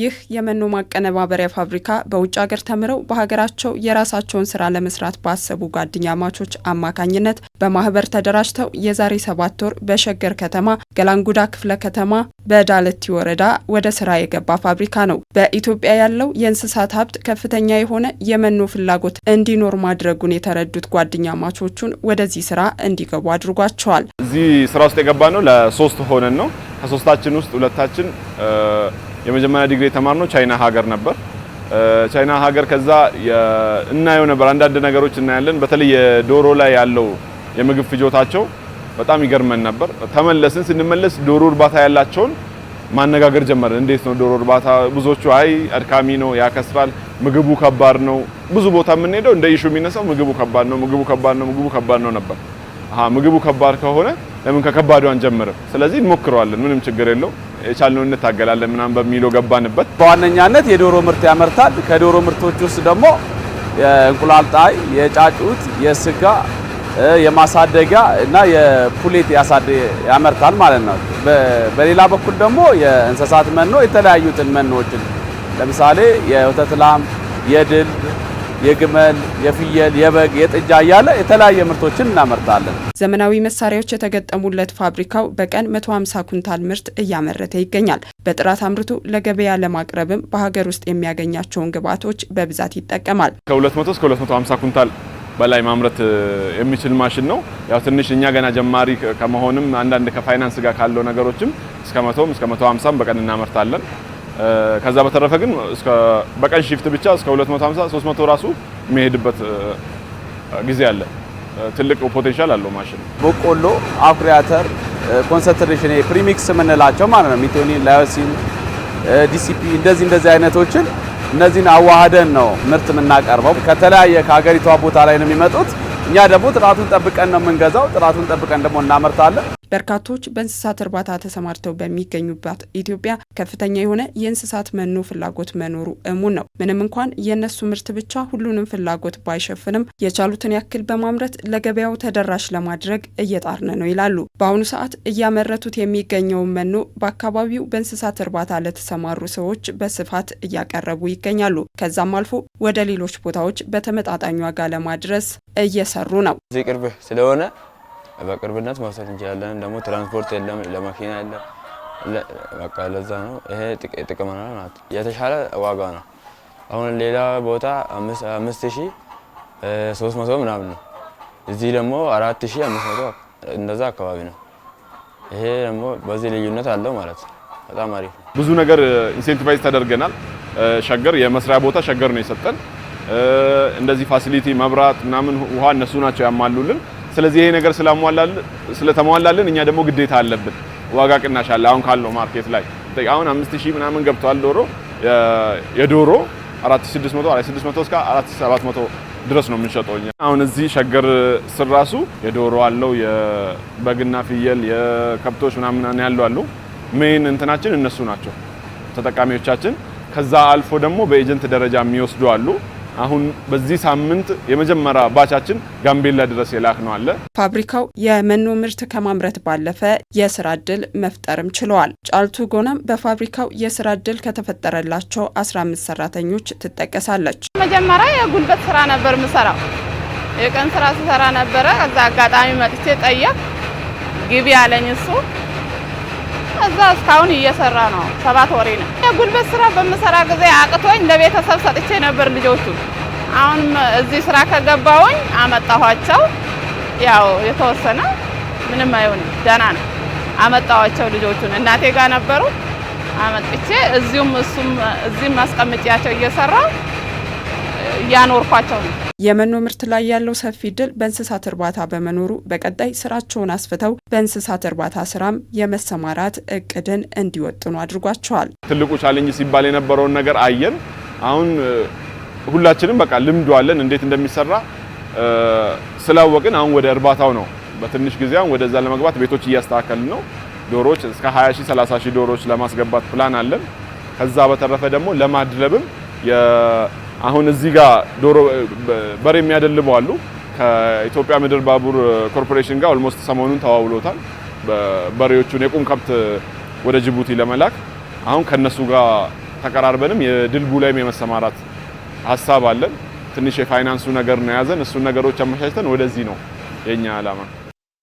ይህ የመኖ ማቀነባበሪያ ፋብሪካ በውጭ ሀገር ተምረው በሀገራቸው የራሳቸውን ስራ ለመስራት ባሰቡ ጓደኛማቾች አማካኝነት በማህበር ተደራጅተው የዛሬ ሰባት ወር በሸገር ከተማ ገላንጉዳ ክፍለ ከተማ በዳለቲ ወረዳ ወደ ስራ የገባ ፋብሪካ ነው። በኢትዮጵያ ያለው የእንስሳት ሀብት ከፍተኛ የሆነ የመኖ ፍላጎት እንዲኖር ማድረጉን የተረዱት ጓደኛማቾቹን ወደዚህ ስራ እንዲገቡ አድርጓቸዋል። እዚህ ስራ ውስጥ የገባ ነው ለሶስት ሆነን ነው። ከሶስታችን ውስጥ ሁለታችን የመጀመሪያ ዲግሪ የተማርነው ቻይና ሀገር ነበር። ቻይና ሀገር ከዛ እናየው ነበር አንዳንድ ነገሮች እናያለን። በተለይ የዶሮ ላይ ያለው የምግብ ፍጆታቸው በጣም ይገርመን ነበር። ተመለስን። ስንመለስ ዶሮ እርባታ ያላቸውን ማነጋገር ጀመርን። እንዴት ነው ዶሮ እርባታ? ብዙዎቹ አይ አድካሚ ነው፣ ያከስራል፣ ምግቡ ከባድ ነው። ብዙ ቦታ የምንሄደው እንደ ኢሹ የሚነሳው ምግቡ ከባድ ነው፣ ምግቡ ከባድ ነው፣ ምግቡ ከባድ ነው ነበር። አሃ ምግቡ ከባድ ከሆነ ለምን ከከባዱ አንጀምርም? ስለዚህ እንሞክረዋለን፣ ምንም ችግር የለው የቻልነውን እንታገላለን ምናምን በሚለው ገባንበት። በዋነኛነት የዶሮ ምርት ያመርታል። ከዶሮ ምርቶች ውስጥ ደግሞ የእንቁላል ጣይ፣ የጫጩት፣ የስጋ፣ የማሳደጊያ እና የፑሌት ያመርታል ማለት ነው። በሌላ በኩል ደግሞ የእንስሳት መኖ የተለያዩትን መኖዎችን ለምሳሌ የወተት ላም፣ የድል የግመል፣ የፍየል፣ የበግ፣ የጥጃ እያለ የተለያየ ምርቶችን እናመርታለን። ዘመናዊ መሳሪያዎች የተገጠሙለት ፋብሪካው በቀን 150 ኩንታል ምርት እያመረተ ይገኛል። በጥራት አምርቱ ለገበያ ለማቅረብም በሀገር ውስጥ የሚያገኛቸውን ግብዓቶች በብዛት ይጠቀማል። ከ200 እስከ 250 ኩንታል በላይ ማምረት eh, የሚችል ማሽን ነው። ያው ትንሽ እኛ ገና ጀማሪ ከመሆንም አንዳንድ ከፋይናንስ ጋር ካለው ነገሮችም እስከ 100 እስከ 150 በቀን እናመርታለን። eh, ከዛ በተረፈ ግን በቀን ሺፍት ብቻ እስከ 250 300 ራሱ የሚሄድበት eh, ጊዜ አለ። ትልቅ ፖቴንሻል አለው ማሽን። በቆሎ አኩሪ አተር ኮንሰንትሬሽን ፕሪሚክስ የምንላቸው ማለት ነው ሚቶኒን፣ ላዮሲን፣ ዲሲፒ እንደዚህ እንደዚህ አይነቶችን እነዚህን አዋህደን ነው ምርት የምናቀርበው። ከተለያየ ከሀገሪቷ ቦታ ላይ ነው የሚመጡት። እኛ ደግሞ ጥራቱን ጠብቀን ነው የምንገዛው። ጥራቱን ጠብቀን ደግሞ እናመርታለን። በርካቶች በእንስሳት እርባታ ተሰማርተው በሚገኙባት ኢትዮጵያ ከፍተኛ የሆነ የእንስሳት መኖ ፍላጎት መኖሩ እሙን ነው። ምንም እንኳን የእነሱ ምርት ብቻ ሁሉንም ፍላጎት ባይሸፍንም የቻሉትን ያክል በማምረት ለገበያው ተደራሽ ለማድረግ እየጣርን ነው ይላሉ። በአሁኑ ሰዓት እያመረቱት የሚገኘውን መኖ በአካባቢው በእንስሳት እርባታ ለተሰማሩ ሰዎች በስፋት እያቀረቡ ይገኛሉ። ከዛም አልፎ ወደ ሌሎች ቦታዎች በተመጣጣኝ ዋጋ ለማድረስ እየሰሩ ነው። ቅርብ ስለሆነ በቅርብነት መውሰድ እንችላለን። ደግሞ ትራንስፖርት የለም፣ ለመኪና የለም። በቃ ለዛ ነው ይሄ ጥቅም ናት። የተሻለ ዋጋ ነው። አሁን ሌላ ቦታ አምስት ሺህ ሶስት መቶ ምናምን ነው። እዚህ ደግሞ አራት ሺ አምስት መቶ እንደዛ አካባቢ ነው። ይሄ ደግሞ በዚህ ልዩነት አለው ማለት ነው። በጣም አሪፍ ነው። ብዙ ነገር ኢንሴንቲቫይዝ ተደርገናል። ሸገር የመስሪያ ቦታ ሸገር ነው የሰጠን። እንደዚህ ፋሲሊቲ፣ መብራት ምናምን፣ ውሃ እነሱ ናቸው ያማሉልን? ስለዚህ ይሄ ነገር ስለተሟላልን እኛ ደግሞ ግዴታ አለብን። ዋጋ ቅናሽ አለ አሁን ካለው ማርኬት ላይ አሁን 5000 ምናምን ገብቷል ዶሮ የዶሮ 4600 4600 እስከ 4700 ድረስ ነው የምንሸጠው እኛ። አሁን እዚህ ሸገር ስር ራሱ የዶሮ አለው የበግና ፍየል የከብቶች ምናምን ያለው አለው ሜን እንትናችን እነሱ ናቸው ተጠቃሚዎቻችን። ከዛ አልፎ ደግሞ በኤጀንት ደረጃ የሚወስዱ አሉ። አሁን በዚህ ሳምንት የመጀመሪያ ባቻችን ጋምቤላ ድረስ የላክ ነው አለ። ፋብሪካው የመኖ ምርት ከማምረት ባለፈ የስራ እድል መፍጠርም ችለዋል። ጫልቱ ጎናም በፋብሪካው የስራ እድል ከተፈጠረላቸው 15 ሰራተኞች ትጠቀሳለች። መጀመሪያ የጉልበት ስራ ነበር ምሰራው፣ የቀን ስራ ስሰራ ነበረ። ከዛ አጋጣሚ መጥቼ ጠየቅ ግቢ አለኝ እሱ እዛ እስካሁን እየሰራ ነው። ሰባት ወሬ ነው። የጉልበት ስራ በምሰራ ጊዜ አቅቶኝ ለቤተሰብ ሰጥቼ ነበር ልጆቹ። አሁን እዚህ ስራ ከገባሁኝ አመጣኋቸው። ያው የተወሰነ ምንም አይሆን ደህና ነው። አመጣኋቸው ልጆቹን እናቴ ጋር ነበሩ። አመጥቼ እዚሁም እሱም እዚህም አስቀምጬያቸው እየሰራው ያኖርኳቸው ነው። የመኖ ምርት ላይ ያለው ሰፊ እድል በእንስሳት እርባታ በመኖሩ በቀጣይ ስራቸውን አስፍተው በእንስሳት እርባታ ስራም የመሰማራት እቅድን እንዲወጥኑ አድርጓቸዋል። ትልቁ ቻሌንጅ ሲባል የነበረውን ነገር አየን። አሁን ሁላችንም በቃ ልምዱ አለን እንዴት እንደሚሰራ ስላወቅን አሁን ወደ እርባታው ነው በትንሽ ጊዜ አሁን ወደዛ ለመግባት ቤቶች እያስተካከልን ነው። ዶሮዎች እስከ 20 ሺህ 30 ሺህ ዶሮዎች ለማስገባት ፕላን አለን። ከዛ በተረፈ ደግሞ ለማድለብም አሁን እዚህ ጋር ዶሮ በሬ የሚያደልቡ አሉ። ከኢትዮጵያ ምድር ባቡር ኮርፖሬሽን ጋር ኦልሞስት ሰሞኑን ተዋውሎታል በሬዎቹን የቁም ከብት ወደ ጅቡቲ ለመላክ አሁን ከነሱ ጋር ተቀራርበንም የድልቡ ላይም የመሰማራት ሀሳብ አለን። ትንሽ የፋይናንሱ ነገር ነው ያዘን። እሱን ነገሮች አመቻችተን ወደዚህ ነው የኛ ዓላማ።